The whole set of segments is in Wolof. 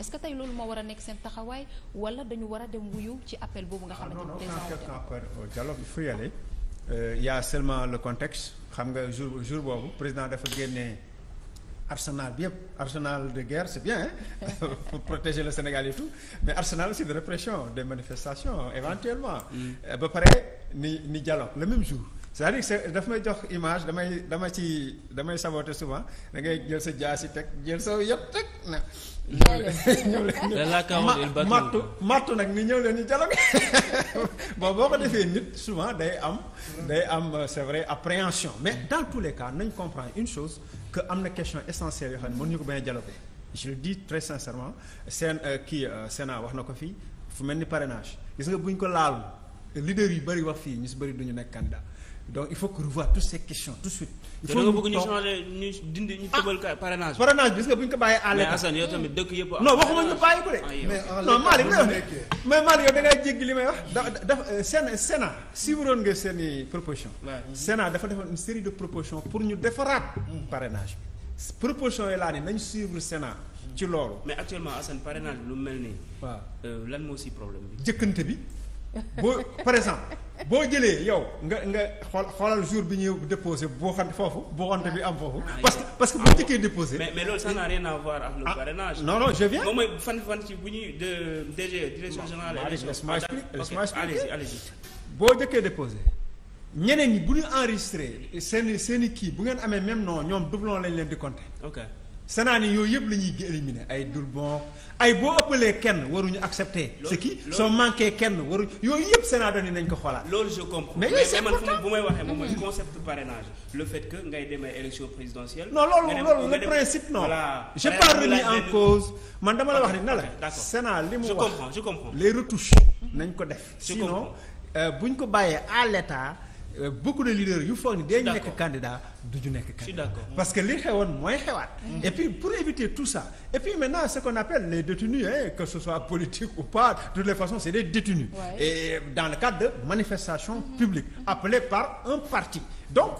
est que tey loolu moo war a nekk seen taxawaay wala dañu war a dem wuyu ci appel boobu nga ah, xamante ne président au euh, dialogue il faut y euh, seulement le contexte xam nga jour jour boobu président dafa génnee arsenal bi yëpp arsenal de guerre c'est bien pour protéger le Sénégal et tout mais arsenal aussi de répression des manifestation éventuellement mm. euh, ba pare ni ni dialogue le même jour c'est-à-dire que daf may jox image damay dama ci damay saboter souvent da ngay jël sa jaasi teg jël sa yëpp teg na. ñëw leen mattu mattu nag ni ñëw leen ñu dialogue bon boo ko defee nit souvent day am. day am euh, c'est vrai appréhension mais dans tous les cas nañ comprendre une chose que am na question essentielle yoo xam ne mënuñu ko bañ a dialoguer je le dis très sincèrement seen euh, kii euh, Sénat wax na ko fii fu mel ni parrainage gis nga buñ ko laal leader yu bëri wax fii ñu si bëri duñu nekk candidat donc il faut que revoir toutes ces questions tout de suite. il faut que ñu changer ñu dindi ñu tëbal ko parrainage. parrainage bis nga bu ñu ko bàyyi ko de. Ah, mais ah, non Malick nga ngay jéggi li may wax. da da euh, Sénat Sénat siiwaroon nga seen dafa defoon une de propositions pour ñu defaraat. parrainage bi propositions yi laa nañ suivre Sénat. ci loolu. mais actuellement Assane parrainage bi lu mel nii. waaw euh, lan moo si problème bi. jëkkante bi boo par exemple. boo jëlee yow nga nga xool xoolal jour bi ñuy déposé boo xam foofu boo xamante bi am foofu. Ah, parce que parce que bu njëkkee déposé. mais mais loolu ça n'a rien à voir ak le ah, parrainage. non non je viens moom boo njëkkee déposé. ñeneen ñi bu ñu enregistré seen i seen kii bu ngeen amee même nom ñoom doublon lañ leen di compter. scénario yooyu yëpp la ñuy éliminer ay dul bon ay boo ëppalee kenn waruñu accepter. loolu ce qui soo manqué kenn waruñu yooyu yëpp scénario ni nañ ko xoolaat. loolu je comprends mais man fu bu may waxee moom mooy mm-hmm. concept parrainage que ngay demee élection présidentielle. non loolu loolu le principe non. la wax ni na la Sénat li mu wax je comprends nañ ko def. sinon euh, bu ñu ko bàyyee à l'état Euh, beaucoup de leaders yu foog ni day nekk candidat du ñu nekk candidat parce que li xewoon mooy xewaat mm-hmm. et puis pour éviter tout ça et puis maintenant ce qu'on appelle les détenus hein, que ce soit politique ou pas toutes les façons c'est des détenus et dans le cadre de manifestations mm-hmm. publiques appelées par un parti donc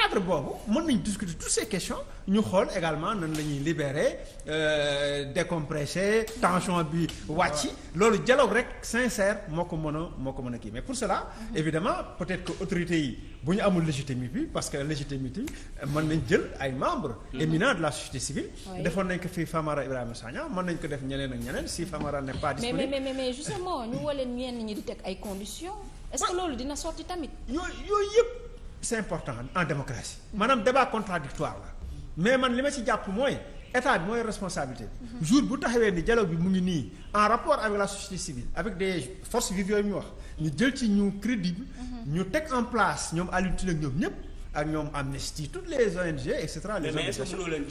cadre boobu mën nañ discuter toutes ces questions ñu xool également nan la ñuy libérer euh, décompresser tension bi wàcc loolu jaloo rek sincère moo ko mën moo ko mën a kii mais pour cela mhm. évidemment peut-être que autorités yi bu ñu amul légitimité bi parce que légitimité mën nañ jël ay membres mhm. éminents de la société civile defoon nañ ko fii Famara Ibrahima Sagna mën nañ ko def ñeneen ak ñeneen si Famara n'est pas disponible mais mais justement ñu waleen ñenn ñi di teg ay conditions est-ce c'est important en démocratie maanaam débat contradictoire la mais man li ma ci jàpp mooy état bi mooy responsabilité mhm. jour bu taxawee ni dialogue bi mu ngi nii en rapport avec la société civile avec des force vives yooyu ñu wax ñu jël ci ñu crédible mhm. ñu teg en place ñoom Alioune Tine ak ñoom ñëpp ak ñoom Amnesty toutes les ONG et cetera les